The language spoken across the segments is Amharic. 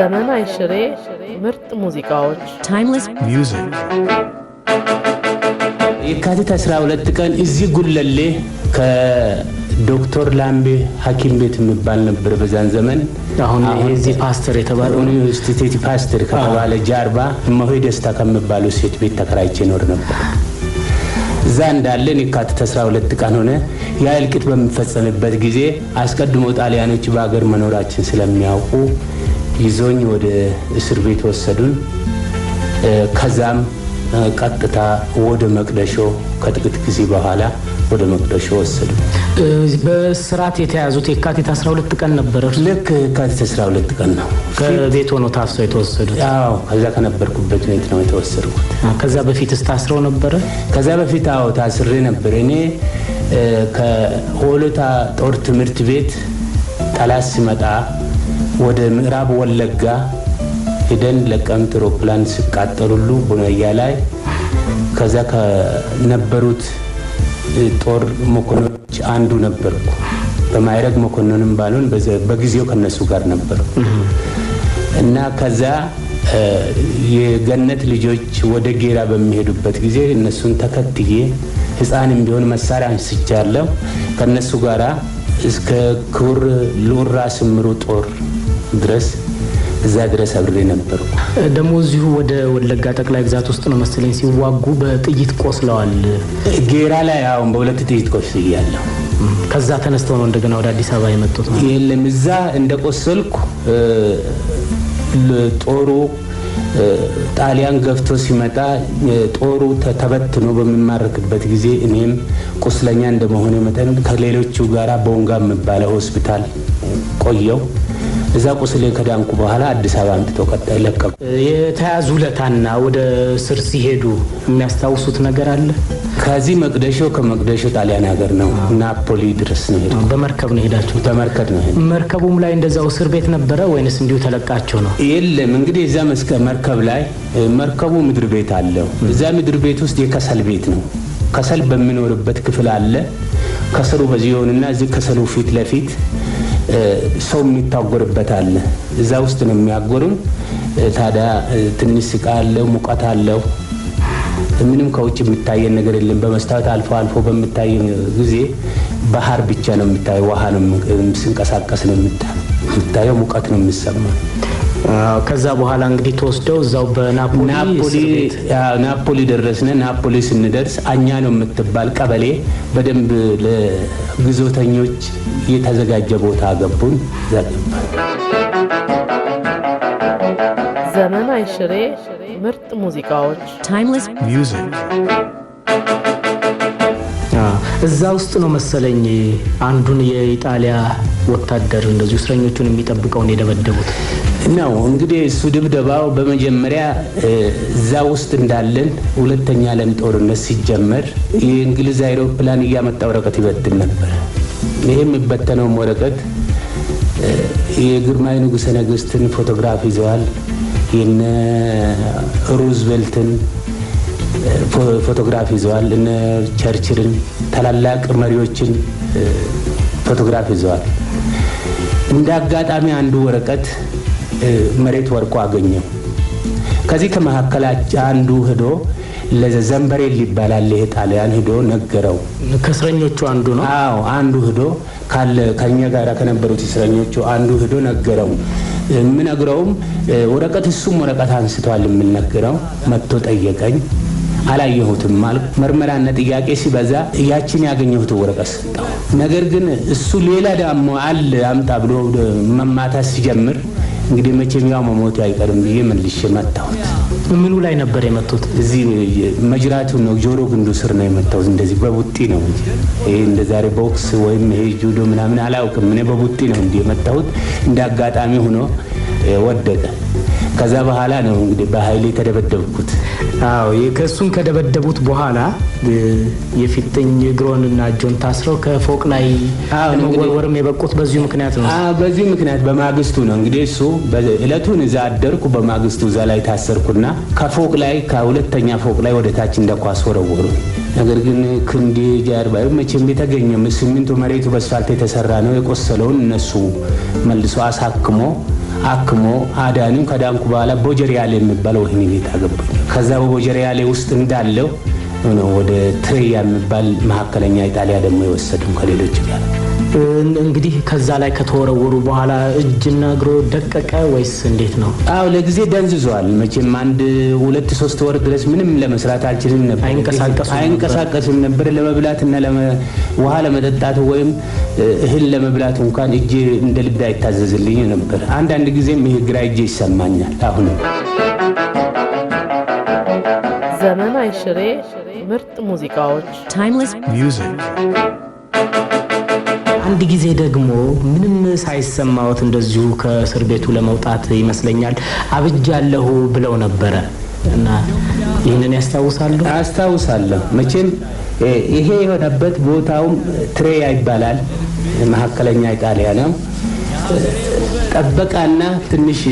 ዘመናዊ ሽሬ ምርጥ ሙዚቃዎች ታይምለስ ሚውዚክ የካቲት 12 ቀን እዚህ ጉለሌ ከዶክተር ላምቤ ሐኪም ቤት የሚባል ነበር በዛን ዘመን። አሁን እዚህ ፓስተር የተባለ ዩኒቨርሲቲ ፓስተር ከተባለ ጃርባ መሆይ ደስታ ከሚባሉ ሴት ቤት ተከራይቼ ኖር ነበር። እዛ እንዳለን የካቲት 12 ቀን ሆነ። ያ እልቂት በሚፈጸምበት ጊዜ አስቀድሞ ጣሊያኖች በሀገር መኖራችን ስለሚያውቁ ይዞኝ ወደ እስር ቤት ወሰዱን። ከዛም ቀጥታ ወደ መቅደሾ ከጥቂት ጊዜ በኋላ ወደ መቅደሾ ወሰዱ። በስርዓት የተያዙት የካቲት 12 ቀን ነበረ። ልክ የካቲት 12 ቀን ነው ከቤት ሆኖ ታፍሰው የተወሰዱት። አዎ፣ ከዛ ከነበርኩበት ቤት ነው የተወሰድኩት። ከዛ በፊት ስታስረው ነበረ? ከዛ በፊት አዎ፣ ታስሬ ነበር። እኔ ከሆለታ ጦር ትምህርት ቤት ጠላት ሲመጣ ወደ ምዕራብ ወለጋ ሄደን ለቀምት አውሮፕላን ሲቃጠሉሉ ቡነያ ላይ ከዛ ከነበሩት ጦር መኮንኖች አንዱ ነበርኩ። በማይረግ መኮንንም ባልሆን በጊዜው ከነሱ ጋር ነበር እና ከዛ የገነት ልጆች ወደ ጌራ በሚሄዱበት ጊዜ እነሱን ተከትዬ ህፃንም ቢሆን መሳሪያ አንስቻለሁ ከነሱ ጋራ እስከ ክቡር ልዑል ራስ ምሩ ጦር ድረስ እዛ ድረስ አብሬ ነበር። ደግሞ እዚሁ ወደ ወለጋ ጠቅላይ ግዛት ውስጥ ነው መሰለኝ ሲዋጉ በጥይት ቆስለዋል። ጌራ ላይ አሁን በሁለት ጥይት ቆስያለሁ። ከዛ ተነስተው ነው እንደገና ወደ አዲስ አበባ የመጡት? ነው? የለም እዛ እንደቆሰልኩ ጦሩ ጣሊያን ገፍቶ ሲመጣ ጦሩ ተበትኖ በሚማረክበት ጊዜ እኔም ቁስለኛ እንደመሆነ መጠን ከሌሎቹ ጋር በወንጋ የሚባለ ሆስፒታል ቆየው። እዛ ቁስሌ ከዳንኩ በኋላ አዲስ አበባ አምጥቶ ለቀቁ። የተያዙ ለታና ወደ ስር ሲሄዱ የሚያስታውሱት ነገር አለ? ከዚህ መቅደሾ ከመቅደሾ ጣሊያን ሀገር ነው፣ ናፖሊ ድረስ ነው ሄደው። በመርከብ ነው ሄዳችሁ? በመርከብ ነው መርከቡም ላይ እንደዛው እስር ቤት ነበረ ወይንስ እንዲሁ ተለቃችሁ ነው? የለም እንግዲህ እዛ መርከብ ላይ መርከቡ ምድር ቤት አለው። እዛ ምድር ቤት ውስጥ የከሰል ቤት ነው። ከሰል በሚኖርበት ክፍል አለ። ከሰሉ በዚህ ይሆንና እዚህ ከሰሉ ፊት ለፊት ሰው የሚታጎርበት አለ። እዛ ውስጥ ነው የሚያጎሩን። ታዲያ ትንሽ ስቃ አለው፣ ሙቀት አለው ምንም ከውጭ የሚታየን ነገር የለም። በመስታወት አልፎ አልፎ በምታይ ጊዜ ባህር ብቻ ነው የሚታየው። ውሃ ነው ስንቀሳቀስ ነው የምታየው። ሙቀት ነው የሚሰማ። ከዛ በኋላ እንግዲህ ተወስደው እዛው በናፖሊ ደረስነ። ናፖሊ ስንደርስ አኛ ነው የምትባል ቀበሌ በደንብ ለግዞተኞች የተዘጋጀ ቦታ አገቡን። ዘመን አይሽሬ ምርጥ ሙዚቃዎች እዛ ውስጥ ነው መሰለኝ አንዱን የኢጣሊያ ወታደር እንደዚሁ እስረኞቹን የሚጠብቀውን የደበደቡት ነው። እንግዲህ እሱ ድብደባው በመጀመሪያ እዛ ውስጥ እንዳለን ሁለተኛ ዓለም ጦርነት ሲጀመር የእንግሊዝ አይሮፕላን እያመጣ ወረቀት ይበትን ነበር። ይህ የሚበተነውም ወረቀት የግርማዊ ንጉሠ ነገሥትን ፎቶግራፍ ይዘዋል። የነ ሩዝቬልትን ፎቶግራፍ ይዘዋል። እነ ቸርችልን ታላላቅ መሪዎችን ፎቶግራፍ ይዘዋል። እንደ አጋጣሚ አንዱ ወረቀት መሬት ወርቆ አገኘው። ከዚህ ከመካከላቸው አንዱ ሂዶ ለዘንበሬ ሊባላል ይሄ ጣሊያን ሂዶ ነገረው። ከእስረኞቹ አንዱ ነው። አዎ አንዱ ሂዶ ካለ ከኛ ጋር ከነበሩት እስረኞቹ አንዱ ሂዶ ነገረው። የምነግረውም ወረቀት እሱም ወረቀት አንስቷል የምነግረው መጥቶ ጠየቀኝ። አላየሁትም ማለት ምርመራና ጥያቄ ሲበዛ ያችን ያገኘሁት ወረቀት ሰጠው። ነገር ግን እሱ ሌላ ዳሞ አለ አምጣ ብሎ መማታት ሲጀምር እንግዲህ መቼም ያው መሞቱ አይቀርም ብዬ መልሼ መታሁት። ምኑ ላይ ነበር የመቱት? እዚህ መጅራቱ ነው፣ ጆሮ ግንዱ ስር ነው የመታው። እንደዚህ በቡጢ ነው እንጂ ይሄ እንደ ዛሬ ቦክስ ወይም ይሄ ጁዶ ምናምን አላውቅም። እኔ በቡጢ ነው እንዲህ የመታሁት። እንደ አጋጣሚ ሆኖ ወደቀ። ከዛ በኋላ ነው እንግዲህ በኃይል የተደበደብኩት። አዎ ከእሱን ከደበደቡት በኋላ የፊጥኝ እግሮን እና እጆን ታስረው ከፎቅ ላይ መወርወርም የበቁት በዚሁ ምክንያት ነው። በዚሁ ምክንያት በማግስቱ ነው እንግዲህ እሱ እለቱን እዛ አደርኩ። በማግስቱ እዛ ላይ ታሰርኩና ከፎቅ ላይ ከሁለተኛ ፎቅ ላይ ወደ ታች እንደኳስ ወረወሩ። ነገር ግን ክንዴ ጀርባ መቼም የተገኘም ሲሚንቶ መሬቱ በስፋልት የተሰራ ነው። የቆሰለውን እነሱ መልሶ አሳክሞ አክሞ አዳንም ከዳንኩ በኋላ ቦጀሪያሌ የሚባለው ወህኒ ቤት አገባኝ። ከዛ በቦጀሪያሌ ውስጥ እንዳለው ወደ ትሬያ የሚባል መካከለኛ ኢጣሊያ ደግሞ የወሰድም ከሌሎች ጋር እንግዲህ ከዛ ላይ ከተወረወሩ በኋላ እጅና እግሮ ደቀቀ ወይስ እንዴት ነው? አዎ ለጊዜ ደንዝዟል። መቼም አንድ ሁለት ሶስት ወር ድረስ ምንም ለመስራት አልችልም ነበር። አይንቀሳቀስም ነበር። ውሃ ለመጠጣት ወይም እህል ለመብላት እንኳን እጄ እንደ ልብ አይታዘዝልኝ ነበር። አንዳንድ ጊዜም ይህ ግራ እጄ ይሰማኛል። አሁንም ዘመናዊ ሽሬ ምርጥ ሙዚቃዎች አንድ ጊዜ ደግሞ ምንም ሳይሰማዎት እንደዚሁ ከእስር ቤቱ ለመውጣት ይመስለኛል አብጃለሁ ብለው ነበረ እና ይህንን ያስታውሳሉ? አስታውሳለሁ። መቼም ይሄ የሆነበት ቦታውም ትሬያ ይባላል። መካከለኛ ኢጣሊያ ነው። ጠበቃና ትንሽ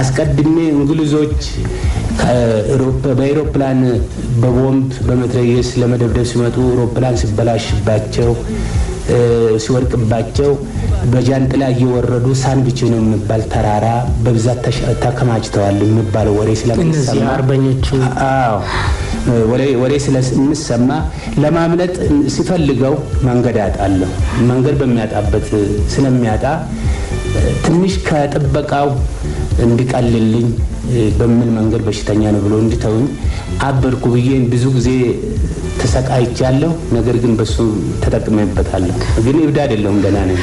አስቀድሜ እንግሊዞች በኤሮፕላን በቦምብ በመትረየስ ለመደብደብ ሲመጡ ኤሮፕላን ሲበላሽባቸው ሲወድቅባቸው በጃንጥላ እየወረዱ ሳንድች ነው የሚባል ተራራ በብዛት ተከማችተዋል የሚባል ወሬ ስለሚሰማ አርበኞቹ ወሬ ስለሚሰማ ለማምለጥ ሲፈልገው መንገድ ያጣለሁ መንገድ በሚያጣበት ስለሚያጣ ትንሽ ከጥበቃው እንዲቀልልኝ በምን መንገድ በሽተኛ ነው ብሎ እንዲተውኝ አበርኩ ብዬን ብዙ ጊዜ ተሰቃይቻለሁ። ነገር ግን በሱ ተጠቅሜበታለሁ። ግን እብድ አይደለሁም፣ ደህና ነኝ።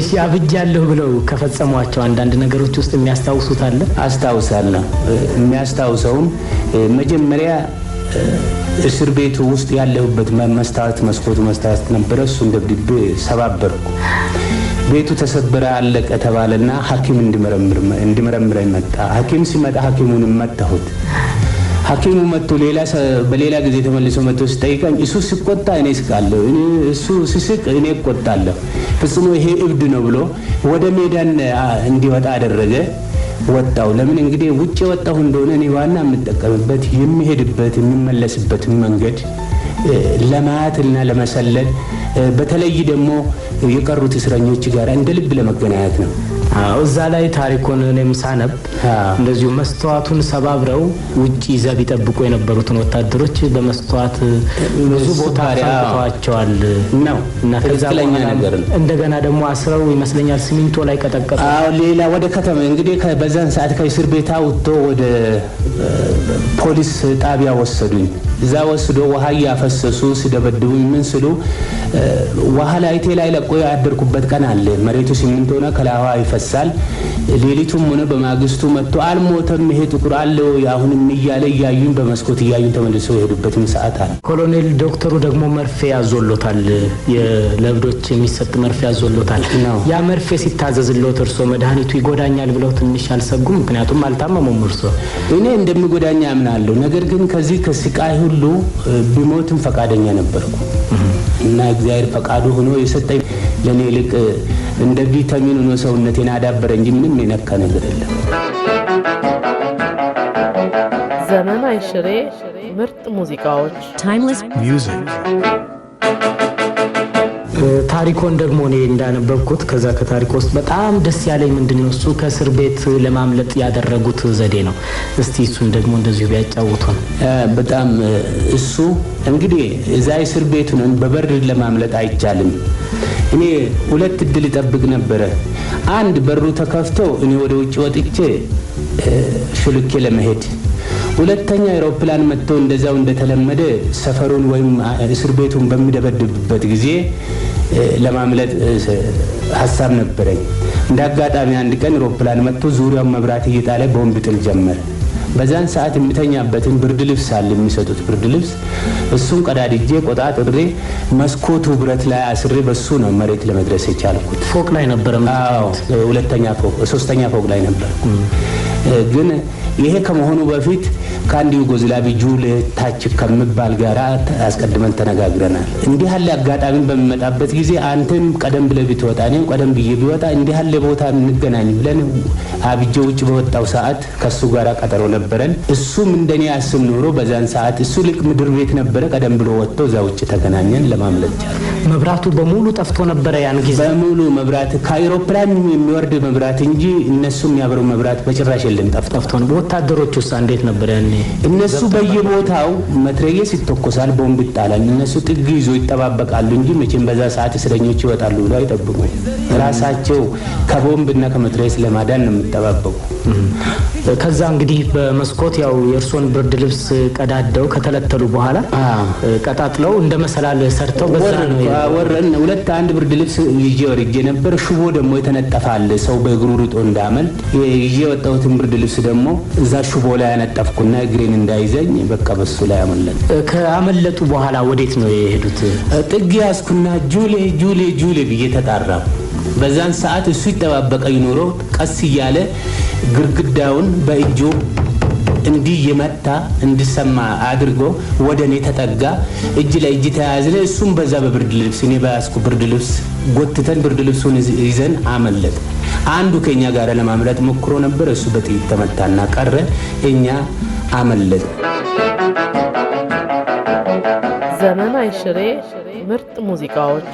እሺ። አብጃለሁ ብለው ከፈጸሟቸው አንዳንድ ነገሮች ውስጥ የሚያስታውሱት አለ? አስታውሳለሁ። የሚያስታውሰውም መጀመሪያ እስር ቤቱ ውስጥ ያለሁበት መስታወት መስኮቱ መስታወት ነበረ። እሱን ደብድቤ ሰባበርኩ። ቤቱ ተሰብረ አለቀ ተባለና ሐኪም እንዲመረምረኝ መጣ። ሐኪም ሲመጣ ሀኪሙን መታሁት። ሐኪሙ መጥቶ በሌላ ጊዜ ተመልሶ መጥቶ ሲጠይቀኝ እሱ ሲቆጣ እኔ ስቃለሁ፣ እሱ ሲስቅ እኔ እቆጣለሁ። ፍጽሞ ይሄ እብድ ነው ብሎ ወደ ሜዳን እንዲወጣ አደረገ። ወጣው። ለምን እንግዲህ ውጭ የወጣሁ እንደሆነ እኔ ዋና የምጠቀምበት የሚሄድበት የሚመለስበት መንገድ እና ለመሰለል በተለይ ደግሞ የቀሩት እስረኞች ጋር እንደ ልብ ለመገናኘት ነው። እዛ ላይ ታሪኮን እኔም ሳነብ እንደዚሁ መስተዋቱን ሰባብረው ውጭ ይዘብ ይጠብቁ የነበሩትን ወታደሮች በመስተዋት ብዙ ቦታ ፈንክተዋቸዋል ነው እና እንደገና ደግሞ አስረው ይመስለኛል ሲሚንቶ ላይ ቀጠቀጡ። ሌላ ወደ ከተማ እንግዲህ በዛን ሰዓት ከእስር ቤት አውጥቶ ወደ ፖሊስ ጣቢያ ወሰዱኝ። እዛ ወስዶ ውሃ እያፈሰሱ ሲደበድቡ ምን ስሉ ውሃ ላይቴ ላይ ለቆ ያደርኩበት ቀን አለ። መሬቱ ሲሚንቶ ነው፣ ከላይዋ ይፈስ ይነሳል። ሌሊቱም ሆነ በማግስቱ መጥቶ አልሞተም፣ ይሄ ጥቁር አለው አሁንም እያለ እያዩኝ በመስኮት እያዩኝ ተመልሶ የሄዱበትም ሰዓት አለ። ኮሎኔል ዶክተሩ ደግሞ መርፌ ያዞሎታል፣ ለእብዶች የሚሰጥ መርፌ ያዞሎታል። ያ መርፌ ሲታዘዝለት እርሶ መድኃኒቱ ይጎዳኛል ብለው ትንሽ አልሰጉም? ምክንያቱም አልታመሙም እርሶ። እኔ እንደሚጎዳኛ አምናለሁ። ነገር ግን ከዚህ ከስቃይ ሁሉ ቢሞትም ፈቃደኛ ነበርኩ። እና እግዚአብሔር ፈቃዱ ሆኖ የሰጠኝ ለእኔ ይልቅ እንደ ቪታሚን ሆኖ ሰውነቴን አዳበረ እንጂ ምንም የነካ ነገር የለም። ዘመናዊ ሽሬ ምርጥ ሙዚቃዎች ታሪኮን ደግሞ እኔ እንዳነበብኩት ከዛ ከታሪኮ ውስጥ በጣም ደስ ያለኝ ምንድን ነው እሱ ከእስር ቤት ለማምለጥ ያደረጉት ዘዴ ነው። እስቲ እሱን ደግሞ እንደዚሁ ነው በጣም እሱ እንግዲህ እዛ እስር ቤቱን በበር ለማምለጥ አይቻልም። እኔ ሁለት እድል ይጠብቅ ነበረ። አንድ በሩ ተከፍቶ እኔ ወደ ውጭ ወጥቼ ሹልኬ ለመሄድ ሁለተኛ አውሮፕላን መጥቶ እንደዛው እንደተለመደ ሰፈሩን ወይም እስር ቤቱን በሚደበድብበት ጊዜ ለማምለጥ ሀሳብ ነበረኝ። እንደ አጋጣሚ አንድ ቀን ሮፕላን መጥቶ ዙሪያውን መብራት እየጣለ ቦምብ ጥል ጀመረ። በዛን ሰዓት የምተኛበትን ብርድ ልብስ አለ የሚሰጡት ብርድ ልብስ፣ እሱን ቀዳድጄ ቆጣ ጥሬ መስኮቱ ብረት ላይ አስሬ በሱ ነው መሬት ለመድረስ የቻልኩት። ፎቅ ላይ ነበረ፣ ሁለተኛ ፎቅ ሶስተኛ ፎቅ ላይ ነበር። ግን ይሄ ከመሆኑ በፊት ከአንድ ዩጎዝላቪ ጁል ታች ከምባል ጋር አስቀድመን ተነጋግረናል። እንዲህ ያለ አጋጣሚን በሚመጣበት ጊዜ አንተም ቀደም ብለህ ብትወጣ እኔም ቀደም ብዬ ቢወጣ እንዲህ ያለ ቦታ እንገናኝ ብለን አብጀ ውጭ በወጣው ሰዓት ከሱ ጋር ቀጠሮ ነበረን። እሱም እንደኔ አስብ ኖሮ በዛን ሰዓት እሱ ልቅ ምድር ቤት ነበረ። ቀደም ብሎ ወጥቶ እዛ ውጭ ተገናኘን። ለማምለት ቻለ። መብራቱ በሙሉ ጠፍቶ ነበረ። ያን ጊዜ በሙሉ መብራት ከአይሮፕላን የሚወርድ መብራት እንጂ እነሱ የሚያበሩ መብራት በጭራሽ የለም፣ ጠፍቶ ነው። ወታደሮች ውስጥ እንዴት ነበር ያኔ? እነሱ በየቦታው መትረየስ ይተኮሳል፣ ቦምብ ይጣላል። እነሱ ጥግ ይዞ ይጠባበቃሉ እንጂ መቼም በዛ ሰዓት እስረኞች ይወጣሉ ብሎ አይጠብቁ። ራሳቸው ከቦምብና ከመትረየስ ለማዳን ነው የሚጠባበቁ። ከዛ እንግዲህ በመስኮት ያው የእርሶን ብርድ ልብስ ቀዳደው ከተለተሉ በኋላ ቀጣጥለው እንደ መሰላል ሰርተው በዛ ነው ወረን ሁለት አንድ ብርድ ልብስ ይዤ ወርጄ ነበር። ሽቦ ደግሞ የተነጠፋል ሰው በእግሩ ርጦ እንዳመልጥ ይዤ የወጣሁትን ብርድ ልብስ ደግሞ እዛ ሽቦ ላይ ያነጠፍኩና እግሬን እንዳይዘኝ በቃ በሱ ላይ አመለጥ። ከአመለጡ በኋላ ወዴት ነው የሄዱት? ጥግ ያዝኩና ጁሌ ጁሌ ጁሌ ብዬ ተጣራ። በዛን ሰዓት እሱ ይጠባበቀኝ ኖሮ ቀስ እያለ ግርግዳውን በእጆ እንዲህ የመታ እንድሰማ አድርጎ ወደ እኔ ተጠጋ። እጅ ላይ እጅ ተያዝነ። እሱም በዛ በብርድ ልብስ እኔ በያዝኩ ብርድ ልብስ ጎትተን ብርድ ልብሱን ይዘን አመለጥ። አንዱ ከኛ ጋር ለማምለጥ ሞክሮ ነበር። እሱ በጥይት ተመታና ቀረ። እኛ አመለጥ። ዘመናዊ ሽሬ ምርጥ ሙዚቃዎች